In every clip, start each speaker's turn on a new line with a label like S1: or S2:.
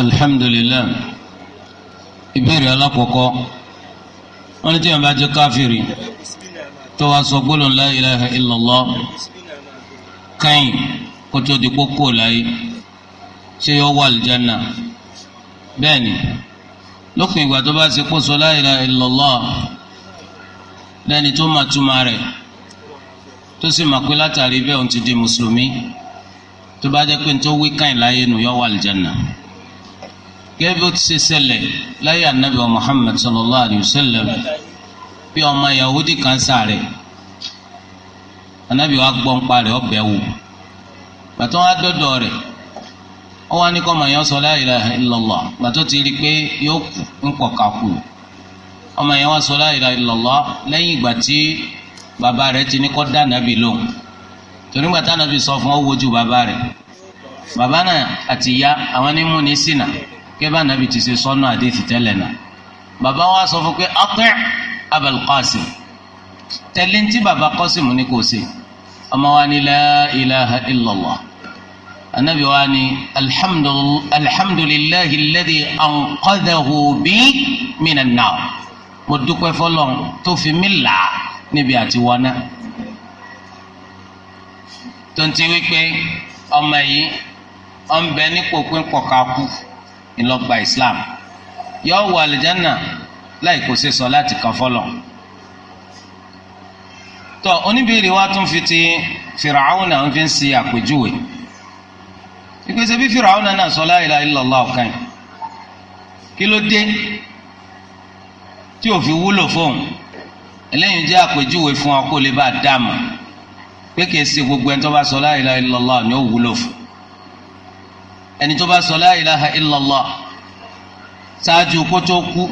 S1: alhamdulilayi ìbéèrè alákọ̀ọ́kọ́ wọ́n ní tí wọ́n bá jẹ́ káfíìrì tó wàá sọ gbólóhùn la ilaha illallah kẹ́yìn kó tó di kókó láyé ṣé yọ wà lìjánà bẹ́ẹ̀ ni lópin ìgbà tó bá ti kó sọ la ilaha illallah lẹ́ni tó máa túmọ̀ rẹ̀ tó sì máa pé látàrí bẹ́ẹ̀ òun ti di mùsùlùmí tó bá jẹ́ pé ní tó wí kẹ́yìn láyé nù yọ wà lìjánà. gẹ́gẹ́ bí ó ti ṣe ṣẹlẹ̀ láyé anabi wa muhammed sallallahu alayhi wa sallam bí ọmọ yahudi kan sáré anabi wa gbọ́ nípa ọbẹ̀ wò bàtọ́ wa dọ́dọ̀ rẹ̀ ó wá ní kọ́ ọmọ yẹn sọ ti rí i pé yóò kú ńkọ̀ ká kú ọmọ yẹn wá sọ lẹ́yìn ìgbà tí bàbá rẹ̀ ti ní dá anabi lóhùn torí gbàtà anabi sọ fún bàbá rẹ̀ bàbá náà àti ìyá kébà nàbì ti ṣe sọnù àdéhìí tẹ́lẹ̀ náà bàbá wa sọ fún pé ọtẹ abal qasim tẹ̀lé ntí bàbá qasim ní kò ṣe ọmọ wa ni la ilaha illallah anabi wa ni alhamdulilahi alladhi anqadhahu bi minan nar mo dúpẹ́ fọlọ́n tó fi mí là níbi àti wọná tó ń ọmọ yìí ọmọ bẹ nípò pé pọ̀ kú ńlọgba islam yọ wọ alìjánà láì kò ṣe sọ láti kan fọlọ tọ oníbèrè wa tún fi ti fìràwọnà ń fi ń ṣe àpèjúwe ìpèsè bí fìràwọnà náà sọ la ilaha illallah ọkàn yìí kí ló dé tí ò fi wúlò fóun eléyìí jẹ́ àpèjúwe fún ọ kó lè bá a dá mọ̀ pé kìí ṣe gbogbo ẹni tó bá sọ la ilaha ni ó wúlò fún ẹni tó bá sọ la ilaha illallah ṣáájú kó tó kú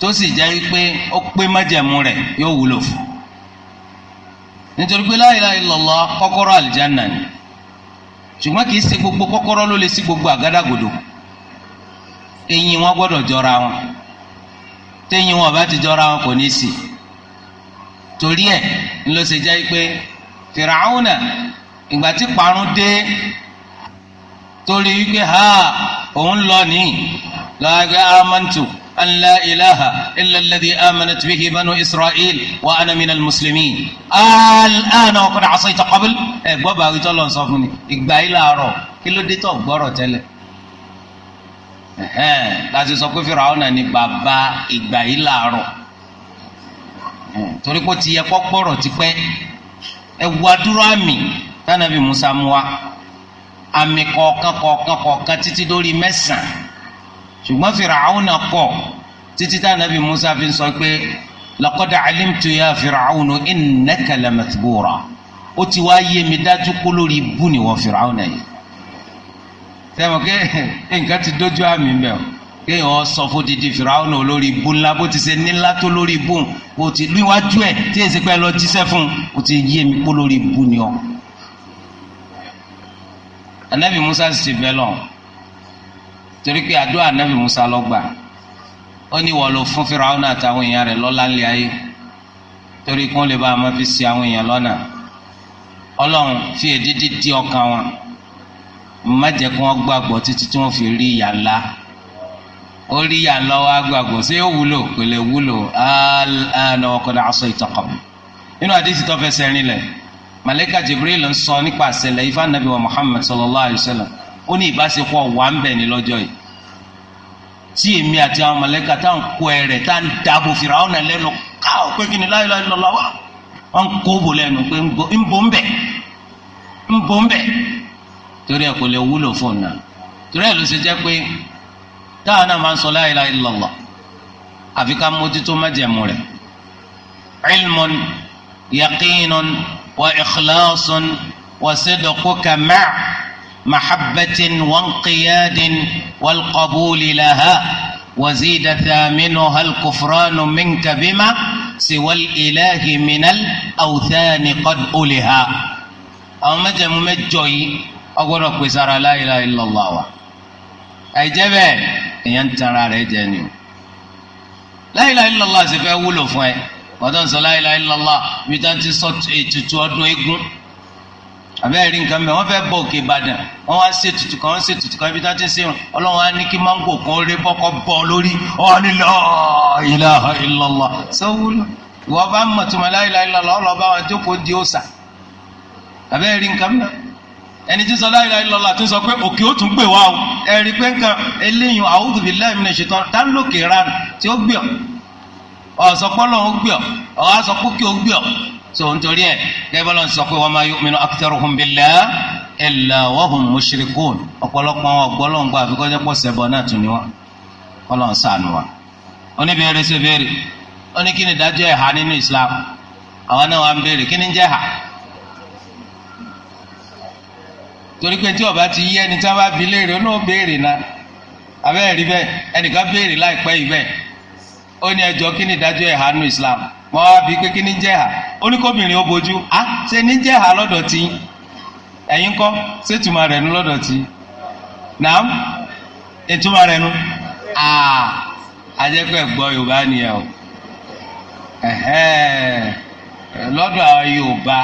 S1: tó sì jẹ́ pé ó pé májẹ̀mú rẹ̀ yóò wúlò fún nítorí pé la ilaha illallah kọ́kọ́rọ́ àlìjáná ni ṣùgbọ́n kì í ṣe gbogbo kọ́kọ́rọ́ ló lè ṣí gbogbo àgádágodo eyín wọn gbọ́dọ̀ jọra wọn téyín wọn bá ti jọra wọn kò ní í sí torí ẹ̀ ńlọ ṣe jẹ́ pé fìràhùnà ìgbà tí parun dé torí wípé ha òun lọ ní lọ́gá amantu an la ilaha illa alladhi amanat bihi banu israel wa ana min almuslimin al'ana wa qad asayta qabl ẹ gbọ́ bá wí tọ́lọ̀ sọ fún mi ìgbà yìí làárọ̀ kí ló dé tó gbọ́rọ̀ tẹ́lẹ̀ láti sọ pé Fíráúnà ni bàbá ìgbà yìí làárọ̀ torí pé ó ti yẹ kọ́ gbọ́rọ̀ tipẹ́ ẹ wá dúró àmì tánàbí Musa mú wa àmì kọ̀ọ̀kan kọ̀ọ̀kan kọ̀ọ̀kan títí dórí mẹ́sàn-án ṣùgbọ́n Fir'auna kọ̀ títí tá nàbì Musa fi sọ pé laqad alimtu ya Fir'aunu innaka lamathbura ó ti wá yé mi dájú kó lórí ibú ni wọ́n Fir'auna yìí sẹ́wọ̀n ké nǹkan ti dójú àmì mẹ́ o kéèyàn sọ fódìdí Fir'auna olórí ibú ńlá bó ti ṣe nílá tó lórí ibú o ti níwájú ẹ̀ tí èsì pẹ́ lọ jíṣẹ́ fún o ti yé mi kó lórí ibú ni ọ́ anabi musa sì ti bẹ lọ torí pé àdúrà anabi musa ló gbà ó ní wọ́n ló fún Fíráúnà àtàwọn èèyàn rẹ̀ lọ́lá ńlẹ̀ ayé torí kí wọ́n lè bá a máa fi ṣì àwọn èèyàn lọ́nà ọlọ́run fi èdídí di ọkàn wọn má jẹ́ kí wọ́n gbàgbọ́ títí tí wọ́n fi rí ìyà ńlá ó rí ìyà ńlá wa gbàgbọ́ ṣé ó wúlò kò lè wúlò al-ana wa qad asayta qabl nínú àdìsí tó fẹsẹ̀ rinlẹ̀ malayika jibril ń sọ nípa àṣẹlẹ ifá nàbí wa muhammad sallallahu alayhi wa sallam ó ní ìbáṣepọ̀ wà ń bẹ̀ ní lọ́jọ́ yìí tí èmi àti àwọn malayika tá ń kó ẹrẹ̀ tá ń dàbò Firaun náà lẹ́nu káwọ́ pé kí ni la ilaha illallah wa wọ́n ń kó bò lẹ́nu pé ń bò ń bẹ̀ ń bò ń bẹ̀ torí ẹ̀ kò lè wúlò fún un náà torí ẹ̀ ló ṣe jẹ́ pé táwọn náà máa ń sọ la ilaha illallah àfi ká mójútó májẹ̀mú rẹ̀ ilmun yaqinun. وإخلاص وصدقك مع محبة وانقياد والقبول لها وزيد ثامنها الكفران منك بما سوى الإله من الأوثان قد أولها أو مجم مجوي أقول لك بسرى لا إله إلا الله أي جبل ينترى رجاني لا إله إلا الله سيفا ولو فوين wọ́n sọ la ilaha illallah ibi tá ti sọ ètùtù ọdún eégún àbẹ́ rí nǹkan mẹ́ wọ́n fẹ́ bọ̀ òkè ìbàdàn wọ́n wá ṣe ètùtù kan wọ́n ṣe ètùtù kan ibi tá ti ṣe ọlọ́run á ní kí máńgò kan rí bọ́kọ́ bọ́ lórí wọ́n ní la ilaha illallah sọ́wọ́lọ́ ìwọ bá mọ̀ tó ma la ilaha illallah ọlọ́ba wọn jókòó di òòsà àbẹ́ rí nǹkan mẹ́ ẹni tí sọ la ilaha illallah tó sọ pé òkè ó tún gbè wá o ẹ̀rí pé nǹkan eléyìn a'udhu billahi minash shaitan tán lókè rán tí ọ̀sọ́pọ̀lọ́ ń gbìọ̀ so nítorí sọ pé wa ma yu'minu aktharuhum billahi illa wa hum mushrikun ọ̀pọ̀lọpọ̀ wọn ọ̀gbọ́lọ́ ń gbọ́ àfikọ́jẹ́ pọ̀ sẹ́bọ̀ náà tún ni wọn ọlọ́run sànù wa. ṣe kí ni dájọ́ nínú Islam àwọn náà wà ń kí ni ń jẹ́ torí pé tí ọba ti yí ẹni tí wọn bá léèrè ó náà náà rí bẹ́ẹ̀ Onye ní ni ìdájọ́ Islam ma ọ bí pé kí ni jẹ́ ẹ̀há ó ní kóbìnrin ó bojú á ṣe nkọ jẹ́ ẹ̀há lọ́dọ̀ tí ẹ̀yin kọ́ ṣé ìtumọ̀ rẹ̀ ah, Yorùbá nìyẹn o lọ́dọ̀ àwọn Yorùbá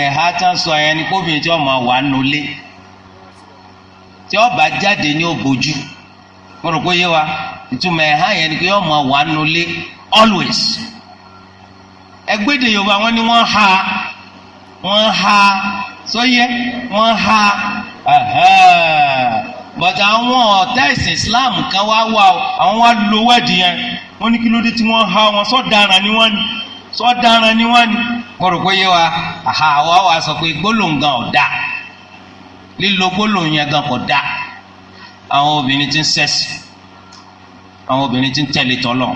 S1: ẹha tán sọ yẹn kóbìnrin tí wà tí mo rò pé yé wa ìtumọ̀ ẹ̀ hàn yẹn ni yọ ọmọ wà nù always ẹgbẹ́dẹ̀ yorùbá wọn ni wọ́n ha wọ́n ha sóyẹ wọ́n ha bọ̀dà àwọn ọ̀tá ẹ̀sìn Islam kan wá wà ó àwọn wá lo wẹ́ẹ̀dì yẹn wọ́n ní kí ló dé tí wọ́n ha wọn ni wọ́n ni ni wọ́n ni. rò pé yé wa àwa wa sọ pé gbólóǹgàn ọ̀dà lílo ọ̀dà àwọn obìnrin tí ń sẹ́sì àwọn obìnrin tí ń tẹ̀lé tọ́lọ̀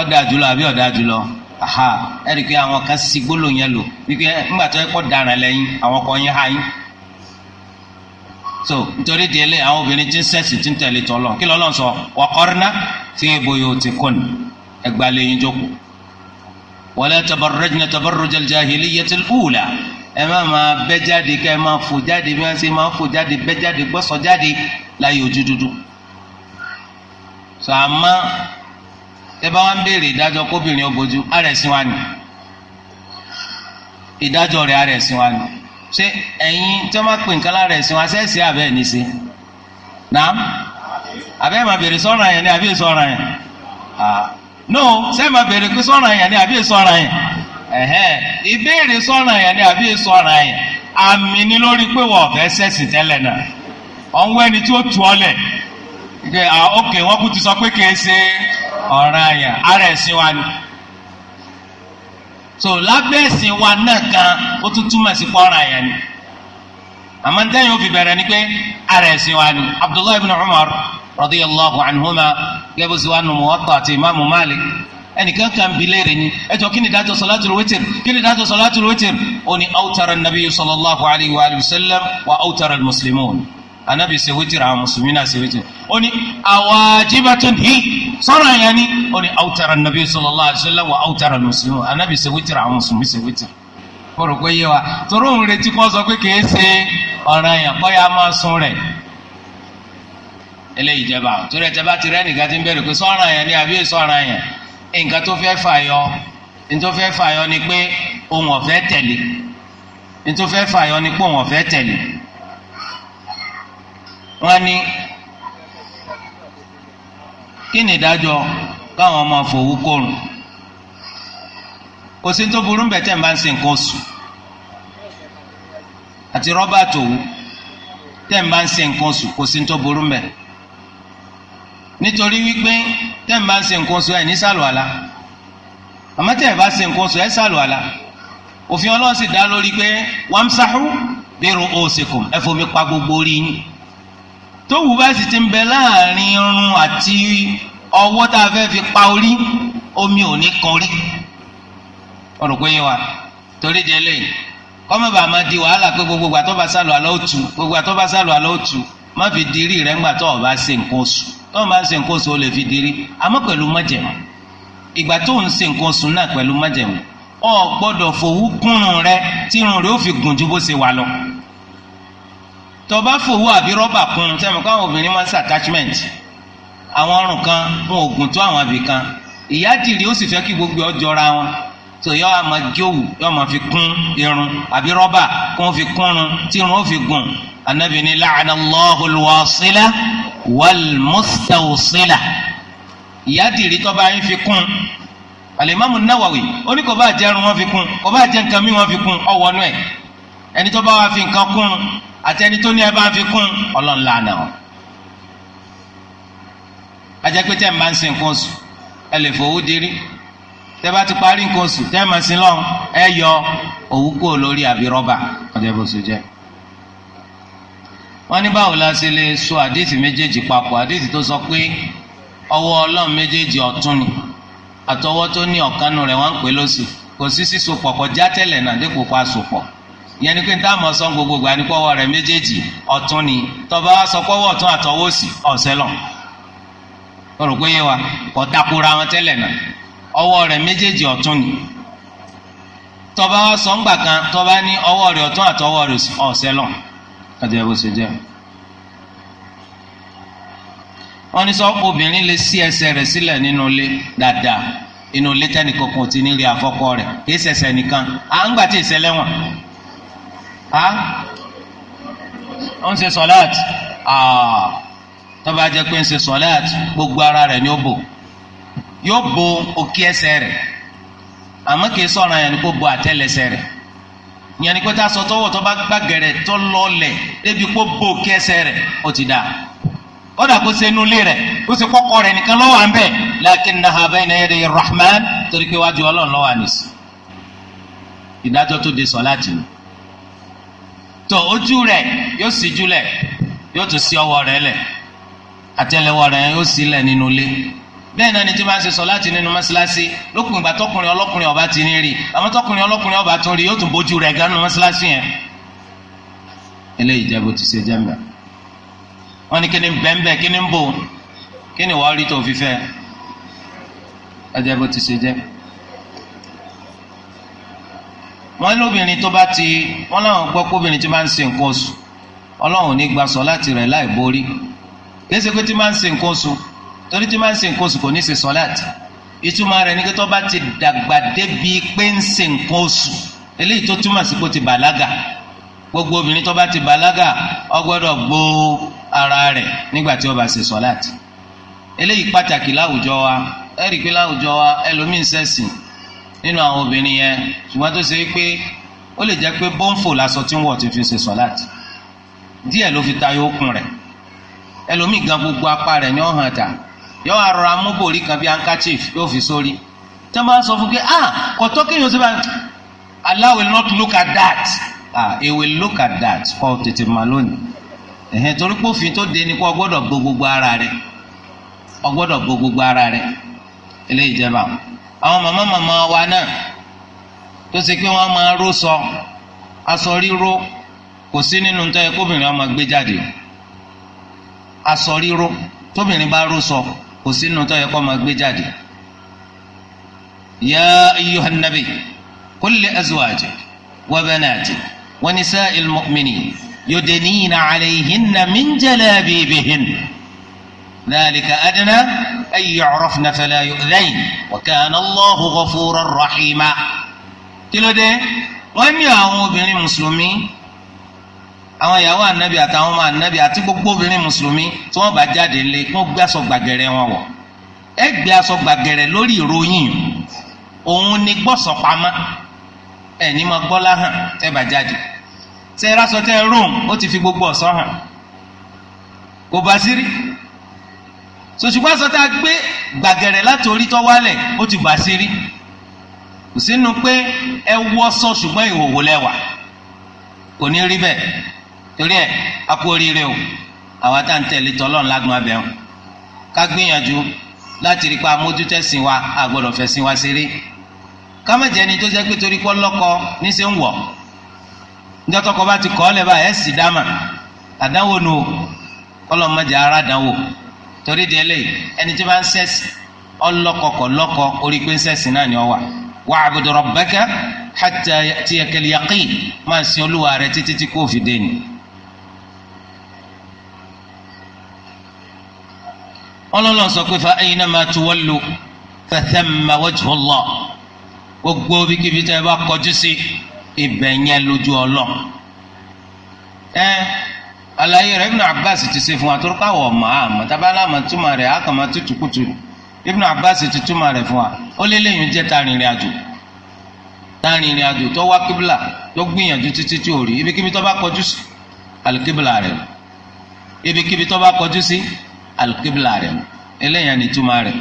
S1: ọ̀dà jùlọ àbí ọ̀dà jùlọ aha ẹ̀rí pé àwọn kan sí gbólóhùn yẹn lò wípé ńgbà tó yẹ kó dara lẹ́yìn àwọn kan yẹn ha yín so nítorí délé àwọn obìnrin tí ń sẹ́sì tí ń tẹ̀lé tọ́lọ̀ kí lọ́lọ́ sọ waqarna fi buyutikunna ẹgbàlẹ́ yín jókòó wala tabarrajna tabarrujal jahiliyyatil ula ẹ má máa bẹ́ jáde ká ẹ máa fò jáde bí wọ́n ṣe máa fò jáde bẹ́ jáde gbọ́sọ̀ jáde láyé ojú dúdú sọ àmọ́ ẹ bá wá ń béèrè kóbìnrin wa ni ìdájọ́ rẹ̀ àrẹ̀sìn wa ni ṣé ẹ̀yin tí wọ́n bá pè nǹkan lára wa sẹ́ẹ̀sì àbẹ́ ní sí nàám àbẹ́ ẹ̀ máa béèrè sọ́ra yẹn ni àbí yẹn no máa béèrè pé sọ́ra yẹn ni àbí yẹn ìbéèrè ọ̀nwó ẹni tí ó tù ọ lẹ̀ ẹ ok wọ́n kú ti sọ pé kì í ṣe ọ̀ràn àyàn ara ẹ̀sìn wa ni so lábẹ́ ẹ̀sìn wa náà kan ó tún túmọ̀ sí pọ́nrán àyàn ni àmọ́ ntẹ́yìn ó fi bẹ̀rẹ̀ ni pé ara ẹ̀sìn wa ni Abdullahi ibn Umar radiyallahu anhuma gẹ́gẹ́ sí wa nù Muwatta àti imaamu Malik ẹnìkan kan bi ni ẹ jọ kí ni dájọ́ salatul witr kí ni dájọ́ salatul witr ó awtara nabiyyu sallallahu alayhi wa sallam wa awtara al anabi ṣe wítìrì àwọn mùsùlùmí náà ṣe wítìrì ó ní àwàjíbàtún hì sọ̀rọ̀ yẹn ni ó ní àwùtara nàbí sallallahu alaihi wasallam wà àwùtara mùsùlùmí anabi ṣe wítìrì àwọn mùsùlùmí ṣe wítìrì. mo rò pé yé wa torí òun retí kó sọ pé kìí ṣe ọ̀ràn yẹn kọ́ ya máa sùn rẹ̀ eléyìí jẹba torí ẹ̀jẹ̀ bá ti rẹ́ nìkan ti ń bẹ̀rẹ̀ pé sọ̀rọ̀ ni àbí sọ̀rọ̀ yẹn nǹkan tó fẹ́ fàyọ nítorí fẹ́ fàyọ ni pé òun ọ̀fẹ́ tẹ̀lé nítorí fẹ́ fàyọ ni pé òun ọ̀fẹ́ tẹ̀lé wọ́n ní kí ni ìdájọ́ káwọn máa fowó kórùn kò sí tó burú bẹ́ẹ̀ tẹ̀ ń bá ń ṣe nǹkan oṣù àti rọ́bà tòwú tẹ̀ ń bá ń ṣe nǹkan oṣù kò sí tó burú bẹ́ẹ̀ nítorí wípé tẹ̀ ń bá ń ṣe nǹkan oṣù ẹ̀ ní sàlùwàlà àmọ́ tẹ̀ ẹ̀ bá ṣe nǹkan oṣù ẹ̀ sàlùwàlà òfin ọlọ́run dá lórí pé wàmsáhù bẹ́ẹ̀ ro òsèkùn ẹ̀ fomi pa gbogbo orí yín tówu bá sì ti ń bẹ láàrin irun àti ọwọ́ tá a fẹ́ fi pa orí omi ò ní kan orí ọ̀rọ̀ pé yín wa torí di eléyìí kọ́mọ̀bà máa di wàhálà pé gbogbo ìgbà tó bá sálọ àlọ́ òtù gbogbo ìgbà tó bá sálọ àlọ́ òtù má fi dirí rẹ̀ ńgbà tó o bá ṣe nǹkan oṣù tó o bá ṣe nǹkan oṣù o lè fi dirí àmọ́ pẹ̀lú májẹ̀mú ìgbà tó ń ṣe nǹkan oṣù náà pẹ̀lú májẹ̀mú o gbọ́dọ̀ fowó kúnnù rẹ tí irun rẹ ó fi gùn ju bó ṣe wà lọ tó bá fòwú àbí rọ́bà kún sẹ́mi káwọn obìnrin máa ń attachment àwọn ọrùn kan fún oògùn tó àwọn àbí kan ìyá dìrì ó sì fẹ́ kí gbogbo ọjọ́ra wọn tó yọ àmọ́ gíòwù yọ àmọ́ fi kún irun àbí rọ́bà kún fi kúnrun tí irun ó fi gùn anabi ni la'ana Allahu al-wasila wal-mustawsila ìyá dìrì tó bá yín fi kún Al-Imam An-Nawawi ó ní kò wọn fi kún kò bá jẹ́ mi wọn fi kún ọ̀wọ́nú ẹ̀ ẹni tó bá wa fi nǹkan kún àti ẹni tó ní ẹ bá fi kún ọlọ́run lànà o ajẹ́pẹ́ tẹ́ ẹ̀ máa ń sin nǹkan oṣù ẹ lè fowó dérí tẹ́ bá ti parí nǹkan oṣù tẹ́ ẹ̀ máa sin lọ́hùn ẹ yọ òwú lórí àbí rọ́bà ọjọ́ bó ṣe jẹ́ wọ́n ní so àdéhìí méjèèjì papọ̀ àdéhìí tó sọ ni àtọwọ́ tó ní ọ̀kanú rẹ̀ wọ́n ń pè kò sí sísopọ̀ kọjá tẹ́lẹ̀ náà yẹn ni pé níta mọ̀ gbogbo méjèèjì ni tọba sọ pọ́wọ́ ọ̀tún àtọwọ́ sí ọ̀sẹ̀ lọ. o pé wa wọn náà ọwọ rẹ méjèèjì ọ̀tún ni tọba sọ tọba ní ọwọ rẹ ọtún lọ. bó ṣe ní sọ obìnrin lè sí nínú ilé dáadáa inú ilé ti ní rí nìkan à ó ń ṣe sọláàt ah, tó bá jẹ́ pé ń ṣe sọláàt gbogbo ara rẹ ni ó bò yóò bo òkè ẹsẹ̀ rẹ̀ àmọ́ kìí sọ̀rọ̀ yẹn ni kó bo yẹn ni pé tá a sọ tọwọ tó bá gbàgẹ̀rẹ̀ tó lọlẹ̀ débi kó bo òkè ẹsẹ̀ rẹ̀ ó ti dà kódà kó ṣe inú ilé rẹ̀ ó ṣe kọ́kọ́ rẹ̀ nìkan lọ́wọ́ à ń bẹ̀ rahman torí pé wájú ọlọ́run lọ́wọ́ ìdájọ́ tó de sọ láti nù tó ojú rẹ̀ yóò sì júlẹ̀ yóò tún sí ọwọ́ rẹ̀ lẹ̀ àtẹ́lẹwọ́ rẹ̀ yóò sì lẹ̀ nínú ilé bẹ́ẹ̀ náà ni tí wọ́n á ṣe sọ láti nínú mọ́ṣáláṣí lókùn ìgbà tọkùnrin ọlọ́kùnrin ọba ti ní rí àmọ́ tọkùnrin ọlọ́kùnrin ọba tún rí yóò tún bójú rẹ̀ ganu mọ́ṣáláṣí yẹn. eléyìí jẹ́ bó ti ṣe jẹ́ mìíràn wọ́n ní kíni bẹ́ńbẹ́ kíni ń bò kíni wọ́n rí tó fi fẹ́ ẹ jẹ́ bó ti ṣe jẹ́ mìíràn. wọ́n lóbìnrin tó bá ti wọ́n láwọn gbọ́ tí máa ń se nǹkan oṣù ọlọ́run ní gba sọ̀láàtì rẹ̀ láì borí pé tí máa ń se nǹkan oṣù torí tí máa ń se nǹkan oṣù kò ní ṣe sọ̀láàtì rẹ ní bá ti dàgbà débi pé gbogbo obìnrin tó bá ti bàlágà ara nígbà tí eléyìí pàtàkì láwùjọ wa pé láwùjọ wa ẹlòmíín sẹ́sìn nínú àwọn obìnrin yẹn ṣùgbọ́n tó ṣe pé ó lè jẹ́ pé bọ́ǹfò lásọ tí ń ti fi ṣe sọ̀láàtì díẹ̀ ló fi tayọ okùn rẹ̀ ẹlòmíì gan gbogbo apá rẹ̀ ní ọ̀hàn ta yọ àrọ̀ amúbòrí kan bíi handkerchief yóò fi sórí tí wọ́n bá sọ fún pé ah kọ̀tọ́ kéèyàn ṣe bá Allah will not look at that ah he will look at that kọ́ tètè mà lónìí ẹ̀hẹ́n torí pé òfin tó gbogbo ara rẹ̀ ọgbọ́dọ̀ gbogbo ara rẹ̀ àwọn màmá màmá wa náà tó ṣe pé wọ́n máa ró sọ aṣọ ríro kò sí nínú tó yẹ kóbìnrin ọmọ gbé jáde aṣọ ríro tóbìnrin bá ró sọ kò sí nínú tó yẹ kó máa gbé jáde. ya ayyuhan nabi kulli azwajik wa banatik wa nisa'il mu'minin yudnina alayhinna min jalabibihin dhalika adna. أن يعرفن فلا يؤذين وكان الله غفورا رحيما kí ló dé wọ́n ní àwọn obìnrin mùsùlùmí àwọn ìyàwó ànábì àtàwọn ọmọ ànábì àti gbogbo obìnrin mùsùlùmí tí wọ́n bá jáde lé kí wọ́n gbé aṣọ gbàgẹ̀rẹ̀ wọn wọ̀ ẹ gbé aṣọ gbàgẹ̀rẹ̀ lórí ìròyìn òun ni gbọ́sọ̀ pamọ́ ẹ ní máa gbọ́ láhàn tẹ́ bá jáde tẹ́ ẹ rásọ tẹ́ ẹ róun ó ti fi gbogbo ọ̀sọ́ hàn kò bá sírí sòṣùpá sọ tá a gbé gbàgẹ̀rẹ̀ láti orí tó wálẹ̀ ó ti bà sí rí kò sínú pé ẹ wọ sọ ṣùgbọ́n ìhòòhò lẹ́wà kò ní rí bẹ́ẹ̀ torí ẹ a kú oríire o àwa tá ń tẹ̀lé tọ́lọ́run lágbọ́n abẹ́hùn ká gbìyànjú láti rí pa amójútẹ́sìn wa àgbọ̀dọ̀ fẹ̀sìn wa ṣeré ká má jẹ́ni tó jẹ́ pé torí pọ́ lọ́kọ níṣẹ́ ń wọ̀ níjọ́ tọkọ bá ti kọ́ ọ lẹ́bàá ẹ̀ sì dáàmà àdánwò nù ọlọ́mọdé ara dánwò torí di eléyìí ẹni tí bá ń sẹ́sì ọlọ́kọ̀kọ̀ lọ́kọ orí pé ń sẹ́sì náà ni ọ wà wà àbùdù rabbaka hatta ya'tiyaka al-yaqin máa sin olúwa rẹ títí tí kò fi dé ni. ọlọ́lọ́ sọ pé fa aynama tuwallu fa thamma wajhu Allah gbogbo bíkíbi tẹ́ ẹ bá kọjú sí ibẹ̀ yẹn lójú ọlọ́ ẹ. Eh, àlàyé rẹ̀ ibn abbas ti ṣe fún wa torí káwọ ọmọ àmọ́ tabalá àmọ́ túmọ̀ rẹ̀ àkàmọ tútù kùtù ibn abbas ti túmọ̀ rẹ̀ fún wa ó lé lẹ́yìn jẹ tarìnrìn àjò tarìnrìn àjò tó wá kíbla tó gbìyànjú títí tí ò rí ibikíbi tó bá kọjú sí alikíbla rẹ̀ ibikíbi tó bá kọjú sí alikíbla rẹ̀ eléyàn ni túmọ̀ rẹ̀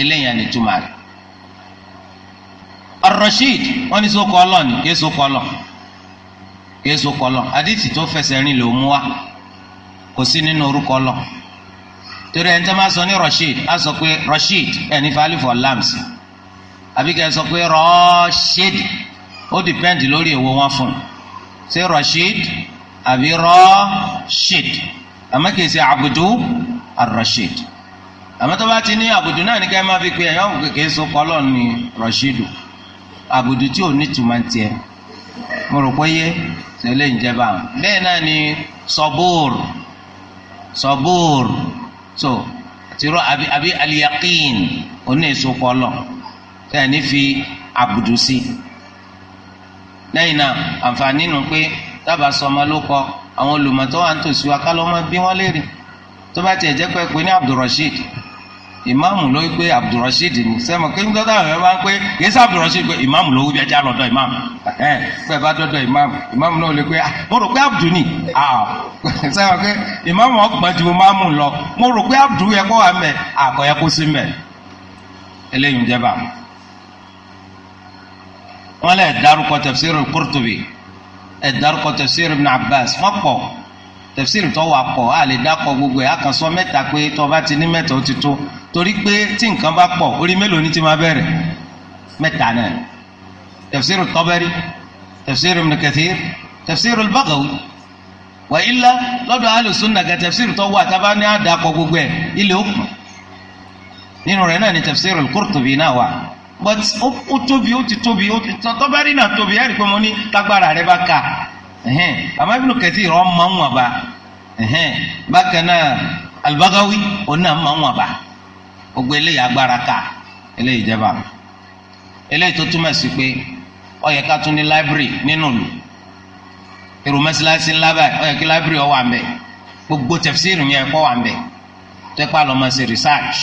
S1: eléyàn ni túmọ̀ rẹ̀ ar-rashid wọn ní sókò ọlọ́ọ̀ni kí sókò yéésù kọlọ àdìsí tó fẹsẹ̀ rìn ló mú wa kò sí nínú orúkọ lọ torí ẹni tó máa sọ ní Rashid á sọ pé Rashid ẹni fàálì for lambs àbí kẹ́ ẹ sọ pé Rashid ó dìpẹ́ǹdì lórí èwo wọn fún un ṣé Rashid àbí Rashid àmọ́ kìí ṣe àbùdú ar-Rashid àmọ́ tó bá ti ní àbùdú náà ní ká ẹ máa fi pe ẹ̀yọ́ kékeré sọ kọ́lọ́ ní Rashidu àbùdú tí ò ní tùmọ̀ tiẹ̀ mo rò pé yé tẹ́lẹ̀ ń jẹba bẹ́ẹ̀ náà ni sọbúr sọbúr so àtirọ àbí àbí aliyakin oní ìsopọ̀ lọ tẹ́lẹ̀ ní fi àbùdù sí lẹ́yìn náà àǹfààní nù pé dábàá sọmọ ló kọ àwọn olùmọ̀tọ́ wa ń tòsí wa ká lọ́ máa bí wọ́n léèrè tó bá tiẹ̀ jẹ́ pé pé ní Abdulrasheed ìmáàmù ló pé abdulrasheed ni sẹ́mu kí n dọ́tà rẹ̀ máa ń pé kì í sẹ́ abdulrasheed pé ìmáàmù ló wí bí ẹja lọ́dọ̀ ìmáàmù ẹ̀ pé bá dọ́dọ̀ ìmáàmù ìmáàmù náà lè pé ah, mo rò pé abdul ni sẹ́mu ah, pé ìmáàmù ọgbọ̀n ju máàmù lọ mo rò pé abdul yẹ kó wà mẹ́ àgọ́ ah, yẹ kó sí mẹ́ eléyìí ń jẹba wọn lẹ dárúkọ tafsir Qurtubi ẹ dárúkọ tafsir Ibn Abbas tẹfsiri tó wà pọ̀ a lè dákọ̀ gbogbo ẹ̀ àkànṣọ mẹ́ta pé tó bá ti ní mẹ́ta ó ti tó torí pé tí nǹkan bá pọ̀ orí mélòó ni ti máa bẹ̀rẹ̀ mẹ́ta náà tẹfsiri tọ́bẹ́rì tẹfsiri ibn kathir tẹfsiri al-Baghawi wà ilá lọ́dọ̀ alùsùn nàgà tẹfsiri tó wà tábà ní àdàkọ̀ gbogbo ẹ̀ ilé òkun nínú rẹ̀ náà ni tẹfsiri al náà wà but ó tóbi ó ti tóbi ó ti tọ́bẹ́rì náà tóbi ẹ̀rí pé mo ní tágbára rẹ̀ bá ka àmọ́ Ibn Kathir rọ mọ ń wọn ba bákan náà Al-Baghawi òun náà mọ ń wọn ba gbogbo eléyìí agbára ká eléyìí jẹba eléyìí tó túmọ̀ sí pé ó yẹ ká tún ní library nínú ìlú èrò mọ́sálásí ńlá báyìí ó yẹ library ó wà ń bẹ gbogbo tẹ̀fsíìrì yẹn kó wà ń bẹ tẹ́pá lọ́ọ́ research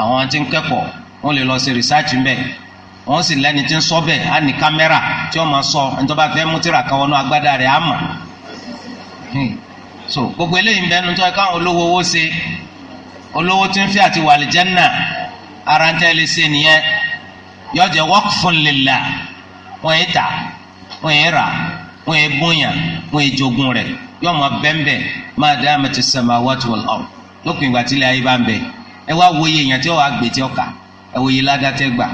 S1: àwọn tí ń kẹ́kọ̀ọ́ wọ́n lè lọ ṣe research ń wọ́n sì lẹ́ni tí ń sọ bẹ́ẹ̀ á ní kámẹ́rà tí wọ́n máa sọ ẹni fẹ́ mú tírà kan wọnú agbádá rẹ̀ á mà hmm. so gbogbo eléyìí ń bẹ́ẹ̀ nu tó ẹ káwọn olówó owó ṣe olówó tí ń fi àti wà lìjẹ́nà ara ń tẹ́lẹ̀ ṣe nìyẹn yọjẹ waqfun lillah wọ́n yìí tà wọ́n yìí rà wọ́n yìí bóyàn wọ́n yìí jogun rẹ̀ yóò máa bẹ́ńbẹ́ máa damati samawati wal ard lópin ìgbà tí ilé ayé bá ń bẹ ẹ wá wòye èèyàn tí ó wàá gbé tí ó kà ẹ wòye ládàá tẹ́ gbà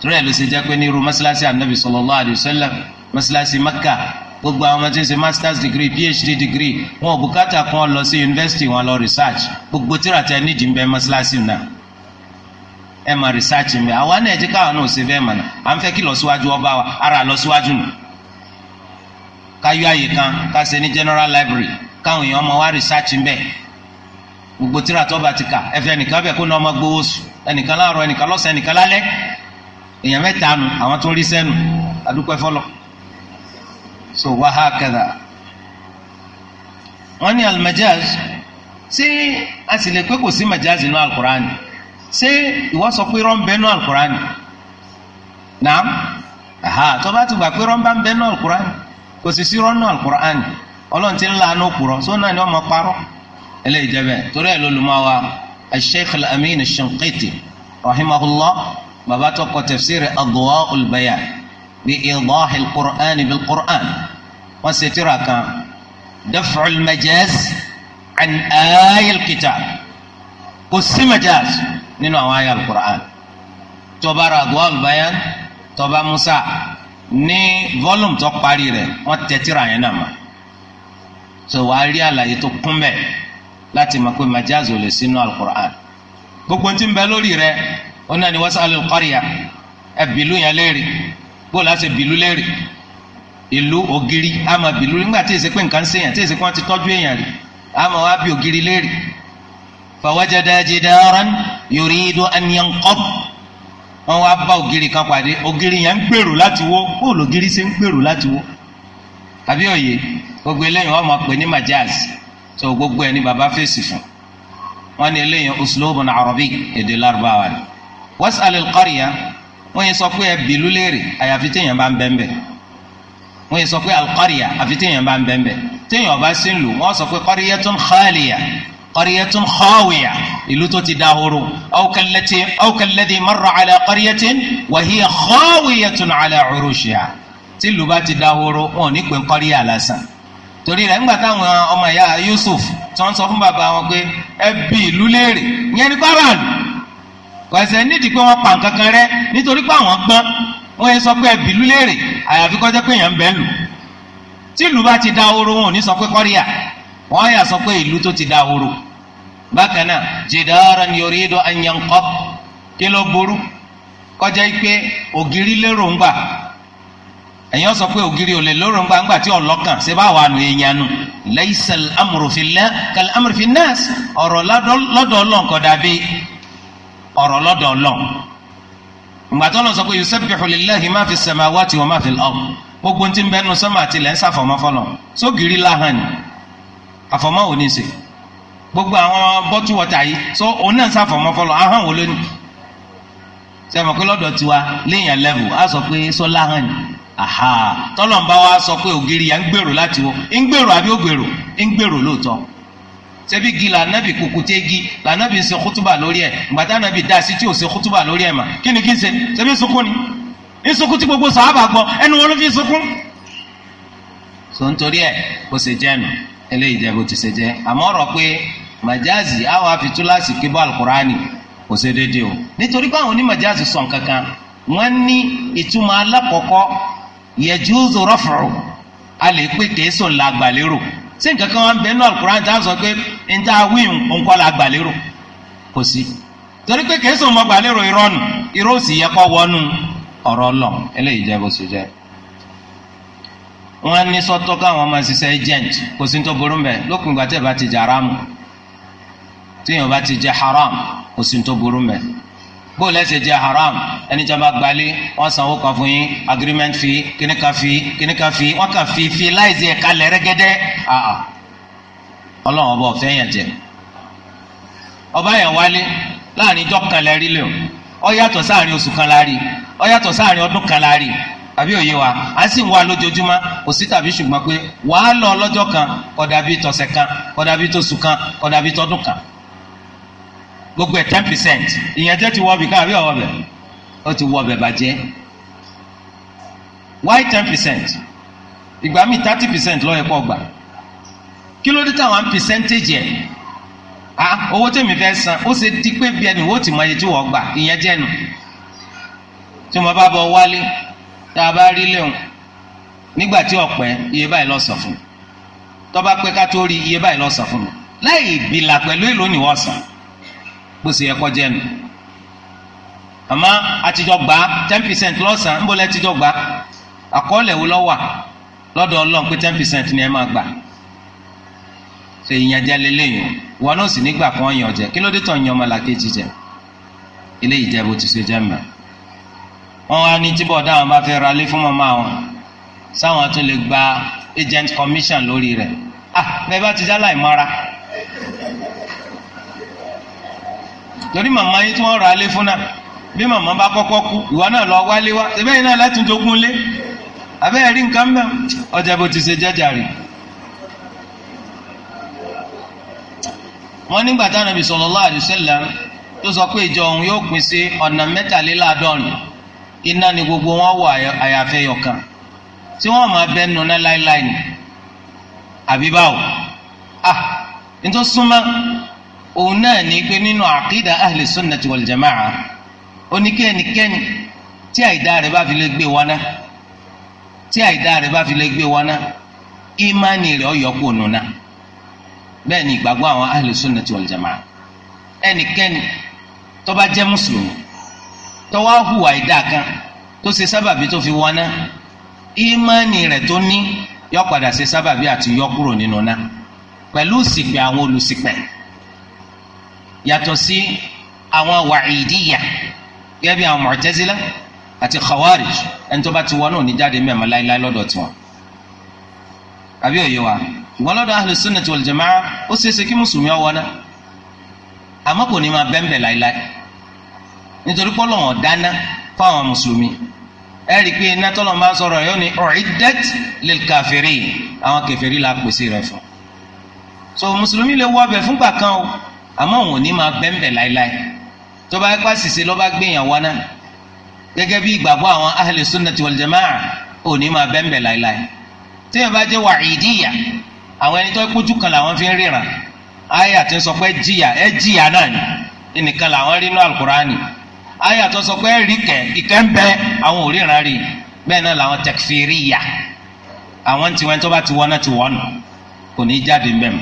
S1: torí ẹ̀ ló ṣe jẹ́ pé ní irú mọ́ṣáláṣí anabi sallallahu alayhi wa sallam mọ́ṣáláṣí Mẹ́kà gbogbo àwọn tí ń ṣe masters degree phd degree wọn ò bùkátà kan lọ sí university wọn lọ research gbogbo tíra tẹ nídìí ń bẹ mọ́ṣáláṣí náà ẹ máa research ń bẹ àwa náà ẹ jẹ́ káwọn náà ṣe bẹ́ẹ̀ mọ̀nà à ń fẹ́ kí lọ́síwájú ọba wa ara lọ́síwájú nù ká yọ àyè kan ká ṣe ní general library káwọn èèyàn ọmọ wa research ń bẹ gbogbo tíra tó bá ti kà ẹ fẹ́ ẹnìkan bẹ̀ kó ní ọmọ gbowó sùn ẹnìkan láàárọ̀ ẹnìkan lọ́sàn ẹnìkan lálẹ́ èèyàn mẹ́ta nu àwọn tó rí sẹ́nu adúpẹ́ fọlọ́ so wàhá kẹdà wọ́n ní alimajaz ṣé a sì lè pé kò sí majaz inú alukur'an ṣé ìwọ sọ pé irọ́ ń bẹ inú alukur'an naam aha tó bá ti gbà pé irọ́ ń bá ń bẹ inú alukur'an kò sì sí irọ́ inú alukur'an ọlọ́run ti ń la àánú kúrọ̀ só náà ni wọ́n mọ parọ́ ẹlẹ́yìí jẹ́ bẹ́ẹ̀ torí ẹ̀ ló wa al-Sheikh al-Amin al-Shinqiti bàbá tó kọ tafsiri Adwa'ul Bayan bi idahil qur'an bil qur'an wọ́n ṣe tírà kan daf'ul majaz an ayil kitab kò sí majaz nínú àwọn ayal qur'an tó bá ra Adwa'ul Bayan tó bá musa ní volume tó parí rẹ̀ wọ́n tẹ tírà yẹn náà so wàá rí àlàyé tó kún bẹ́ẹ̀ láti mọ̀ pé majaz ò lè sínú gbogbo tí ń bẹ lórí rẹ̀ ó náà ni wasalul qarya ẹ bìlú yẹn léèrè bó láti bìlú léèrè ìlú ògiri àmọ́ bìlú nígbà tí èsì pé nǹkan ń ṣèyàn tí èsì pé wọ́n ti tọ́jú èèyàn rí àmọ́ wá bí ògiri léèrè fawajada jidaran yuridu an yanqab wọ́n wá bá ògiri kan pàdé ògiri yẹn ń gbèrò láti wó bóòlù ògiri ṣe ń gbèrò láti wó àbí òye gbogbo eléyìí wọ́n máa pè ní majaz tó gbogbo ẹ ní baba fèsì fún wọn ni eléyìí uslubun arabi èdè lárúbáwá ni wasalil kọ́ríya wọ́n yẹ sọ pé ẹ bìlú léèrè àyàfi téèyàn bá ń bẹ́ńbẹ́ wọ́n yẹ sọ pé alkọ́ríya àfi téèyàn bá ń bẹ́ńbẹ́ téèyàn ọba sí ń lù wọ́n sọ pé kọ́ríya tún xaaliya kọ́ríya tún xọ́ọ̀wìyà ìlú tó ti dahoro awkàlẹ́dì marra ala kọ́ríyatin wàhíyà xọ́ọ̀wìyà tún ala curushiya tí ìlú bá ti dahoro wọn ò ní pè kọ́ríya lásán torí rẹ̀ ńgbà táwọn ọmọ ìyá Yusuf tí wọ́n sọ fún bàbá wọn pé ẹ bí léèrè yẹn ní bàbá àlù kọ̀ọ̀sẹ̀ nídìí pé wọ́n pa nǹkan kan rẹ́ nítorí pé àwọn gbọ́n wọ́n yẹ sọ pé ẹbí lú léèrè àyàfi kọjá pé èèyàn ń bẹ́ lù tí ìlú bá ti da oró wọn ò ní sọ pé kọ́ríà wọ́n yà sọ pé ìlú tó ti da oró bákan náà jidaran yuridu an yanqab kí ló burú kọjá pé ògiri lérò ń gbà sọ pé ògiri ò lè lérò ń ńgbà tí ọlọ́kàn ṣe bá wà nù èèyàn nù laysal amru fillah kal amru fin nas ọ̀rọ̀ lọ́dọ̀ ọlọ́nkọ̀ ọ̀rọ̀ lọ́dọ̀ Ọlọ́run ngbàtọ́ lọ sọ pé yusabbihu lillahi ma fi samawati wa ma fi al-ard gbogbo ntí bẹ́ẹ̀ nu sọ́mà àti ilẹ̀ ń sàfọ̀mọ́ fọlọ́ sógìrì láhàn ni àfọ̀mọ́ ò ní í ṣe gbogbo àwọn bọ́tú wọ̀tà yìí so òun náà ń sàfọ̀mọ́ fọlọ́ ahọ́n wò lónìí sẹ́mi pé lọ́dọ̀ tiwa léèyàn lẹ́vù á sọ pé sọ́lá hàn ni aha tọ́lọ́mbà wa sọ pé ògiri yà ń gbèrò láti wọ ń gbèrò àbí ó ń gbèrò lóòótọ́ ṣebí gi la kùkù tẹ gi lànàbì ń ṣe kútùbà lórí ẹ gbàtà nàbì dá sí tí ò ṣe kútùbà lórí ẹ mà kí ni kí n ṣe ṣebí sunkún ni ń sunkún tí gbogbo sàábà gbọ́ ẹnu wọn ló fi sunkún. sọ nítorí ẹ kó ṣe jẹ nù eléyìí jẹ kó ti ṣe jẹ àmọ́ ọ̀rọ̀ pé màjáàzì àwọn afitú láti kí alukurani kò ṣe déédéé o nítorí pé àwọn onímàjáàzì sọ nǹkan kan ní ìtumọ̀ alákọ̀ọ́kọ́ yẹjú zòrọ́fọ̀rọ̀ a lè pé kèésò ńlá gbàlérò ṣé nǹkan kan bẹ nínú alukur'an tá a sọ pé n ta wíwù nǹkan la gbàlérò kò sí torí pé kèésì ọmọ gbàlérò irọ́ nù irọ́ sì yẹ kọ́ wọnú ọ̀rọ̀ Ọlọ́run eléyìí jẹ́ bó ṣe jẹ́ wọ́n á ní sọ́tọ́ káwọn máa ṣiṣẹ́ agent kò sí tó burú mbẹ́ lókun ìgbà tẹ̀ bá ti jẹ haram tíyẹn bá ti jẹ haram kò sí tó burú bóòlù ẹsẹ jẹ haram ẹni tí a bá gbalé wọn sanwó kan fún yín agreement fi kíní kan fi kíní kan fi wọn kàn fi fi láìsí ẹka lẹrẹgẹdẹ Ọlọ́run ọba ọfẹ yẹn jẹ ọba yẹn wálé láàrin ijọ kan lẹrí lẹ o ọ yàtọ̀ sáàrin oṣù kan láàrin ọ yàtọ̀ sáàrin ọdún kan láàrin àbí òye wa a sì ń wá lójoojúmọ́ kò sí tàbí ṣùgbọ́n pé wàá lọ lọ́jọ́ kan kọ̀dà bíi kan kọ̀dà bíi kan kọ̀dà tọdún kan gbogbo ẹ̀ ten percent ìyẹn tẹ́ ti wọ ọbẹ̀ káàbí ọwọ́ bẹ̀ ó ti wọ ọbẹ̀ bàjẹ́ why ten percent ìgbà míì thirty percent lọ́yẹ̀ pọ̀ gbà kí ló dé táwọn percentage ẹ̀ ah owó tèmi fẹ́ san ó ṣe di pé bí ẹni wò ó ti mọ iye tí wọ́n gbà ìyẹn jẹ́ nu tí mo bá bọ wálé tá a bá rí léwu nígbà tí ọ̀pẹ iye báyìí lọ sọ fún mi tọ́ba pé ká tó rí iye báyìí lọ sọ fún mi láì ìbìlà pẹ̀lú èlò ni wọ́n sàn bó ṣe yẹ kọ́ jẹ́ nu àmọ́ àtijọ́ gbà ten percent lọ́sàn-án ń bọ́lá àtijọ́ gbà àkọọ́lẹ̀ wo lọ́wà lọ́dọ̀ ọlọ́run pé ten percent ni ẹ máa gbà ṣe ìyànjẹ lélẹ́yìn wọn náà sì nígbà kan yàn jẹ kí ló dé tàn yàn ọmọ làkejì jẹ eléyìí jẹ bó ti ṣe jẹ mọ wọn wá ní tíbọ̀ dáhùn bá fẹ́ ralé fún mọ́mọ́ àwọn sáwọn tún lè gba agent commission lórí rẹ̀ ah bẹ́ẹ̀ bá ti dá láì mọ́ra lórí màmá yín tí wọ́n rà á lé fún náà bí màmá bá kọ́kọ́ kú ìwọ náà lọ wálé wá ṣe bẹ́ẹ̀ náà láti jogún lé abẹ́ẹ̀ rí nǹkan mẹ́ ọjà bó ti ṣe jẹ́jà rè. nígbà táwọn Ànábì sallallahu alaihi wasallam tó sọ pé ìjọ òun yóò pín sí ọ̀nà iná ni gbogbo wọn wọ àyàfẹ́ yọkan tí wọ́n máa bẹ́ nu náà láéláé ni àbí báwo ah nítorí òun náà ní pé nínú àkídà ahli sunnati wal jama'a oníkẹ́nikẹ́ni tí àìdá rẹ̀ bá fi lè gbé wọná tí àìdá rẹ̀ bá fi lè gbé wọná ìmánì rẹ̀ ọ̀yọ́kù nùnà bẹ́ẹ̀ ni ìgbàgbọ́ àwọn ahli sunnati wal jama'a ẹnikẹ́ni tó bá jẹ́ mùsùlùmí tó wá hùwà àìdá kan tó ṣe sábàbí tó fi wọná ìmánì rẹ̀ tó ní yọ padà ṣe sábàbí àti yọ kúrò nínú náà pẹ̀lú ìsìnkú àwọn olùsìnkú yàtọ̀ sí àwọn wàhídìyà gẹ́gẹ́ bí àwọn mọ̀tẹ́sílá àti khawarij ẹni tó bá ti wọnú ní jáde mẹ́ẹ̀mọ́ láéláé lọ́dọ̀ tiwọn. àbí òye wa ìwọ lọ́dọ̀ ahlu sunnati wal jamaa ó ṣeéṣe kí mùsùlùmí ọwọ́ náà àmọ́ kò ní máa bẹ́ńbẹ̀ láéláé nítorí pé Ọlọ́hun dáná fáwọn mùsùlùmí ẹ rí i pé iná tọ́lọ̀ máa sọ̀rọ̀ yóò ní u'iddat lil kafirin àwọn kèfèrí la rẹ̀ fún. so mùsùlùmí lè wọ ọbẹ̀ fúngbà kan o àmọ́ òun ò ní máa bẹ́ńbẹ̀ láéláé tó bá pa ṣìṣe lọ́ba gbéyàn wá náà gẹ́gẹ́ bí ìgbàgbọ́ àwọn ahli sunnati wal jamaa ò ní máa bẹ́ńbẹ̀ láéláé téèyàn bá jẹ́ wàhídìyà àwọn ẹni tó kójú kan làwọn fi ń ríran àyà tó sọ pé jìyà ẹ jìyà náà ni ẹnìkan làwọn rí nínú alukurani àyà tó sọ pé ríkẹ ìkẹ́ ń bẹ àwọn ò ríran rí bẹ́ẹ̀ náà làwọn takfiriya àwọn tiwọn tó bá ti wọ́n náà ti wọ́n nù kò ní í jáde mbẹ́mu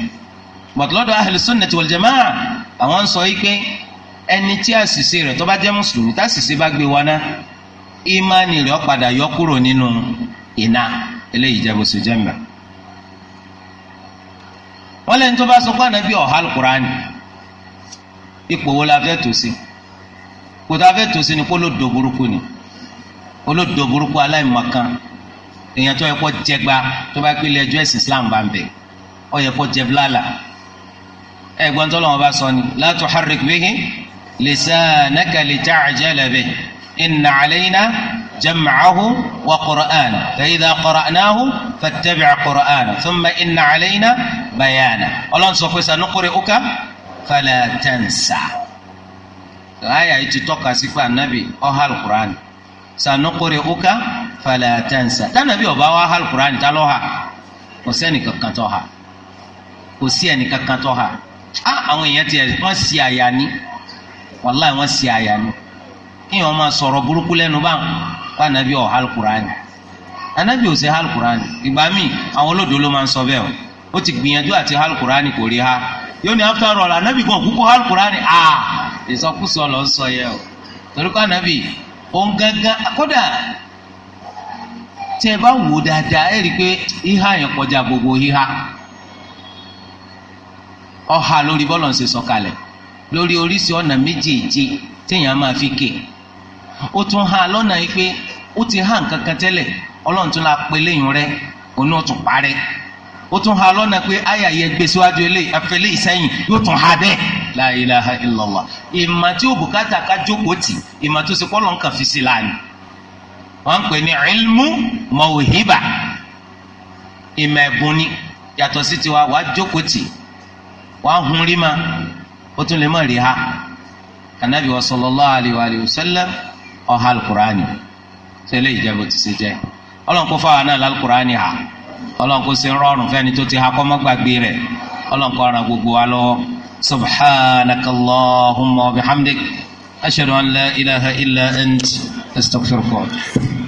S1: bọ̀tulọ́dọ̀ ahli sunnati wal jamaa àwọn ń sọ yìí pé ẹni tí àṣìṣe rẹ̀ tó bá jẹ́ mùsùlùmí táṣìṣe bá gbé wa náà ìmánì rẹ̀ ó padà yọ kúrò nínú iná eléyìí jẹ́ bó ṣe jẹ́ mbà. wọ́n lẹ́ni tó bá sọ pé ànábì ọ̀há alukurani ipò wo la fẹ́ tó sí kò tá a fẹ́ tó sí ni kó ló do burúkú ni kó ló do burúkú aláìmọ̀kan èèyàn tó yẹ kó jẹgba tó bá pélé ẹjọ́ ẹ̀sìn Islam bá ń bẹ̀ ọ yẹ kó jẹ bláàlà ẹ̀gbọ́n tó lọ́wọ́ bá sọ ni la tuharrik bihi lisanaka lita'jala bihi inna alayna jam'ahu wa qur'ana fa idha qara'nahu fattabi' qur'ana thumma inna alayna bayana ọlọ́run sọ pé sanuqri'uka fala tansa láyà yìí ti tọ́ka sí pé anabi ọ̀hà alukur'an sanuqri'uka fala tansa tànàbí ọba wa ọ̀hà alukur'an tá kò sẹ́ni kankan tó ha kò sí ẹni kankan tó ha A! Ah, àwọn èèyàn tiẹ̀ wọ́n si àyà ni wàláì wọ́n si àyà ni kéèyàn máa sọ̀rọ̀ burúkú lẹ́nu bá bá anabi ọ̀ alukurani anabi ò ṣe alukurani ìgbà míì àwọn olódò ló máa ń sọ bẹ́ẹ̀ o ó ti gbìyànjú àti alukurani kò rí ha yóò ní after all anabi gan kúkú alukurani a ìsọkúsọ lọ sọ yẹ o torí anabi òun gángan kódà tẹ ẹ bá wò dáadáa ẹ rí i ọha lórí bọ́lọ̀ ń ṣe sọ̀kalẹ̀ lórí oríṣi ọ̀nà méjèèjì téèyàn máa fi ké ó tún ha lọ́nà yìí pé ó ti hàn kankan tẹ́lẹ̀ ọlọ́run tún la pe léyìn rẹ òun náà tún parẹ́ ó tún ha lọ́nà pé àyà yẹ gbé síwájú eléyìí afẹ́lẹ́ ìsẹ́yìn yóò tún ha bẹ́ẹ̀ la ilaha illallah ìmọ̀ tí ó bùkátà ká jókòó tì ìmọ̀ tó ṣe kọ́lọ̀ ń kàn fi sí lánìí wọ́n ń pè ní ilmu mọ̀wéhíbà ìmọ̀ ẹ̀bùn ni yàtọ̀ sí tiwa wàá jókòó tì wàá hun rí ma ó tún lè má rí ha anabi wa sallallahu alayhi wa alayhi wa sallam ọha alukur'ani sẹlẹ ìjẹbù ti ṣe jẹ ọlọ́nkó fáwọn náà lálùkùránì ha ọlọ́nkó ṣe rọrùn fẹ́ni tó ti ha kọ́ mọ́gbàgbé rẹ̀ ọlọ́nkó ọ̀ràn gbogbo wa lọ́wọ́ subhanakallahumma wa bihamdik ashhadu an la ilaha illa ant astaghfiruka.